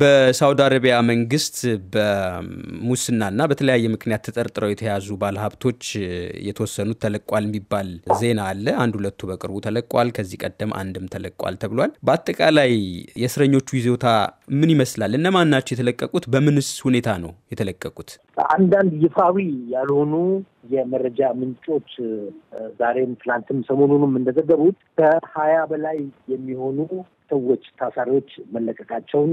በሳውዲ አረቢያ መንግስት በሙስናና በተለያየ ምክንያት ተጠርጥረው የተያዙ ባለሀብቶች የተወሰኑት ተለቋል የሚባል ዜና አለ። አንድ ሁለቱ በቅርቡ ተለቋል። ከዚህ ቀደም አንድም ተለቋል ተብሏል። በአጠቃላይ የእስረኞቹ ይዞታ ምን ይመስላል? እነማን ናቸው የተለቀቁት? በምንስ ሁኔታ ነው የተለቀቁት? አንዳንድ ይፋዊ ያልሆኑ የመረጃ ምንጮች ዛሬም ትናንትም ሰሞኑንም እንደዘገቡት ከሀያ በላይ የሚሆኑ ሰዎች ታሳሪዎች መለቀቃቸውን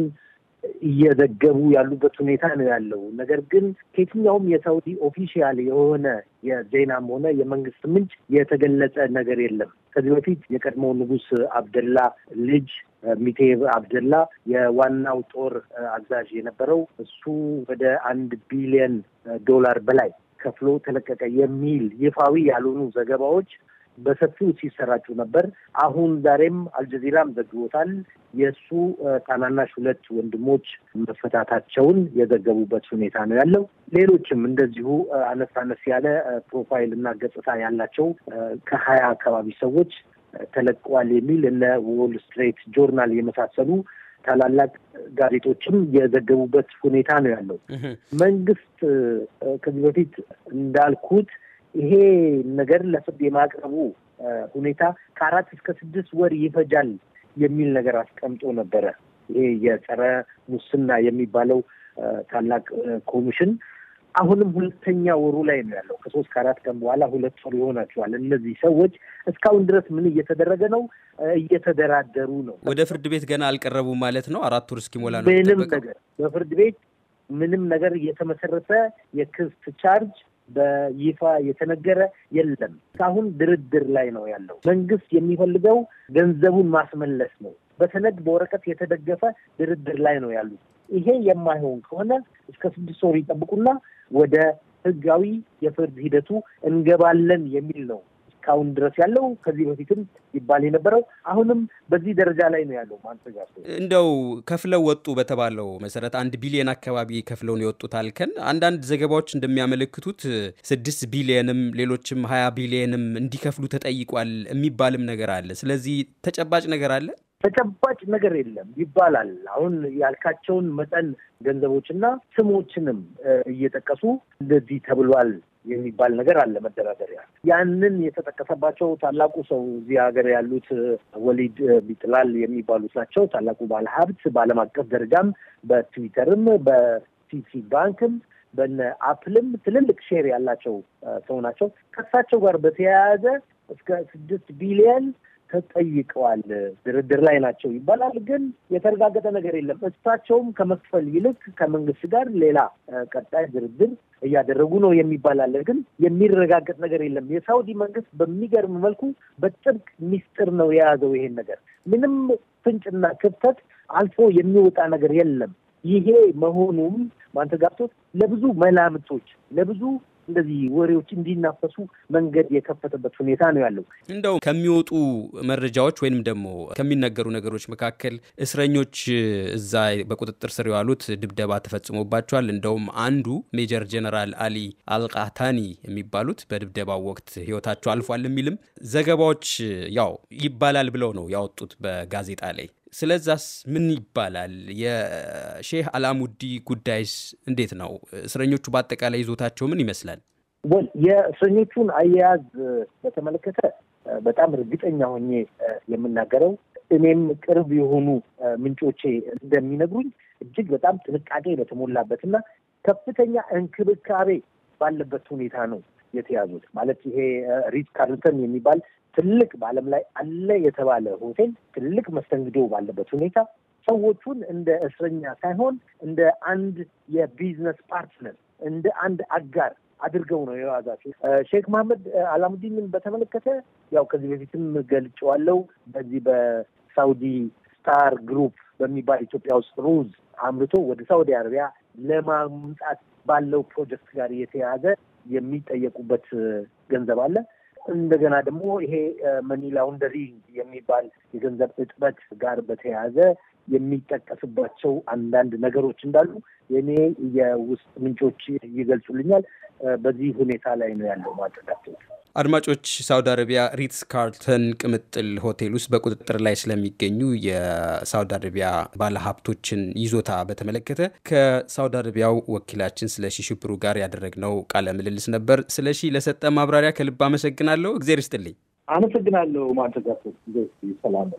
እየዘገቡ ያሉበት ሁኔታ ነው ያለው። ነገር ግን ከየትኛውም የሳውዲ ኦፊሻል የሆነ የዜናም ሆነ የመንግስት ምንጭ የተገለጸ ነገር የለም። ከዚህ በፊት የቀድሞ ንጉስ አብደላ ልጅ ሚቴብ አብደላ የዋናው ጦር አዛዥ የነበረው እሱ ወደ አንድ ቢሊየን ዶላር በላይ ከፍሎ ተለቀቀ የሚል ይፋዊ ያልሆኑ ዘገባዎች በሰፊው ሲሰራጩ ነበር። አሁን ዛሬም አልጀዚራም ዘግቦታል። የእሱ ታናናሽ ሁለት ወንድሞች መፈታታቸውን የዘገቡበት ሁኔታ ነው ያለው። ሌሎችም እንደዚሁ አነስ አነስ ያለ ፕሮፋይል እና ገጽታ ያላቸው ከሀያ አካባቢ ሰዎች ተለቀዋል የሚል እነ ዎል ስትሬት ጆርናል የመሳሰሉ ታላላቅ ጋዜጦችም የዘገቡበት ሁኔታ ነው ያለው። መንግስት ከዚህ በፊት እንዳልኩት ይሄ ነገር ለፍርድ የማቅረቡ ሁኔታ ከአራት እስከ ስድስት ወር ይፈጃል የሚል ነገር አስቀምጦ ነበረ። ይሄ የጸረ ሙስና የሚባለው ታላቅ ኮሚሽን አሁንም ሁለተኛ ወሩ ላይ ነው ያለው። ከሶስት ከአራት ቀን በኋላ ሁለት ወር ይሆናቸዋል። እነዚህ ሰዎች እስካሁን ድረስ ምን እየተደረገ ነው? እየተደራደሩ ነው። ወደ ፍርድ ቤት ገና አልቀረቡ ማለት ነው። አራት ወር እስኪሞላ ነው ምንም ነገር በፍርድ ቤት ምንም ነገር የተመሰረተ የክስት ቻርጅ በይፋ የተነገረ የለም። እስካሁን ድርድር ላይ ነው ያለው። መንግስት የሚፈልገው ገንዘቡን ማስመለስ ነው። በሰነድ በወረቀት የተደገፈ ድርድር ላይ ነው ያሉት። ይሄ የማይሆን ከሆነ እስከ ስድስት ወር ይጠብቁና ወደ ህጋዊ የፍርድ ሂደቱ እንገባለን የሚል ነው እስካሁን ድረስ ያለው ከዚህ በፊትም ይባል የነበረው አሁንም በዚህ ደረጃ ላይ ነው ያለው። ማንሰጋር እንደው ከፍለው ወጡ በተባለው መሰረት አንድ ቢሊየን አካባቢ ከፍለው ነው የወጡት አልከን። አንዳንድ ዘገባዎች እንደሚያመለክቱት ስድስት ቢሊየንም ሌሎችም ሀያ ቢሊየንም እንዲከፍሉ ተጠይቋል የሚባልም ነገር አለ። ስለዚህ ተጨባጭ ነገር አለ ተጨባጭ ነገር የለም ይባላል። አሁን ያልካቸውን መጠን ገንዘቦችና ስሞችንም እየጠቀሱ እንደዚህ ተብሏል የሚባል ነገር አለ መደራደሪያ። ያንን የተጠቀሰባቸው ታላቁ ሰው እዚህ ሀገር ያሉት ወሊድ ቢጥላል የሚባሉት ናቸው። ታላቁ ባለሀብት በዓለም አቀፍ ደረጃም በትዊተርም በሲቲ ባንክም በነ አፕልም ትልልቅ ሼር ያላቸው ሰው ናቸው። ከእሳቸው ጋር በተያያዘ እስከ ስድስት ቢሊየን ተጠይቀዋል፣ ድርድር ላይ ናቸው ይባላል። ግን የተረጋገጠ ነገር የለም። እሳቸውም ከመክፈል ይልቅ ከመንግስት ጋር ሌላ ቀጣይ ድርድር እያደረጉ ነው የሚባል አለ። ግን የሚረጋገጥ ነገር የለም። የሳውዲ መንግስት በሚገርም መልኩ በጥብቅ ሚስጥር ነው የያዘው ይሄን ነገር። ምንም ፍንጭና ክፍተት አልፎ የሚወጣ ነገር የለም። ይሄ መሆኑም ማንተጋብቶት ለብዙ መላምቶች፣ ለብዙ እንደዚህ ወሬዎች እንዲናፈሱ መንገድ የከፈተበት ሁኔታ ነው ያለው። እንደው ከሚወጡ መረጃዎች ወይንም ደግሞ ከሚነገሩ ነገሮች መካከል እስረኞች እዛ በቁጥጥር ስር የዋሉት ድብደባ ተፈጽሞባቸዋል። እንደውም አንዱ ሜጀር ጀነራል አሊ አልቃታኒ የሚባሉት በድብደባው ወቅት ህይወታቸው አልፏል የሚልም ዘገባዎች ያው ይባላል ብለው ነው ያወጡት በጋዜጣ ላይ ስለዛስ ምን ይባላል? የሼህ አላሙዲ ጉዳይስ እንዴት ነው? እስረኞቹ በአጠቃላይ ይዞታቸው ምን ይመስላል? ወይ የእስረኞቹን አያያዝ በተመለከተ በጣም እርግጠኛ ሆኜ የምናገረው እኔም ቅርብ የሆኑ ምንጮቼ እንደሚነግሩኝ እጅግ በጣም ጥንቃቄ በተሞላበትና ከፍተኛ እንክብካቤ ባለበት ሁኔታ ነው የተያዙት። ማለት ይሄ ሪት ካርልተን የሚባል ትልቅ በዓለም ላይ አለ የተባለ ሆቴል ትልቅ መስተንግዶ ባለበት ሁኔታ ሰዎቹን እንደ እስረኛ ሳይሆን እንደ አንድ የቢዝነስ ፓርትነር እንደ አንድ አጋር አድርገው ነው የዋዛቸው። ሼክ መሐመድ አላሙዲንን በተመለከተ ያው ከዚህ በፊትም ገልጨዋለው በዚህ በሳውዲ ስታር ግሩፕ በሚባል ኢትዮጵያ ውስጥ ሩዝ አምርቶ ወደ ሳውዲ አረቢያ ለማምጣት ባለው ፕሮጀክት ጋር የተያያዘ የሚጠየቁበት ገንዘብ አለ። እንደገና ደግሞ ይሄ መኒ ላውንደሪንግ የሚባል የገንዘብ እጥበት ጋር በተያያዘ የሚጠቀስባቸው አንዳንድ ነገሮች እንዳሉ የኔ የውስጥ ምንጮች ይገልጹልኛል። በዚህ ሁኔታ ላይ ነው ያለው ማድረጋቸው አድማጮች ሳውዲ አረቢያ ሪትስ ካርልተን ቅምጥል ሆቴል ውስጥ በቁጥጥር ላይ ስለሚገኙ የሳውዲ አረቢያ ባለሀብቶችን ይዞታ በተመለከተ ከሳውዲ አረቢያው ወኪላችን ስለ ሽብሩ ጋር ያደረግነው ቃለ ምልልስ ነበር። ስለሺ ለሰጠ ማብራሪያ ከልብ አመሰግናለሁ። እግዜር ይስጥልኝ። አመሰግናለሁ። ማንተጋቶ ሰላም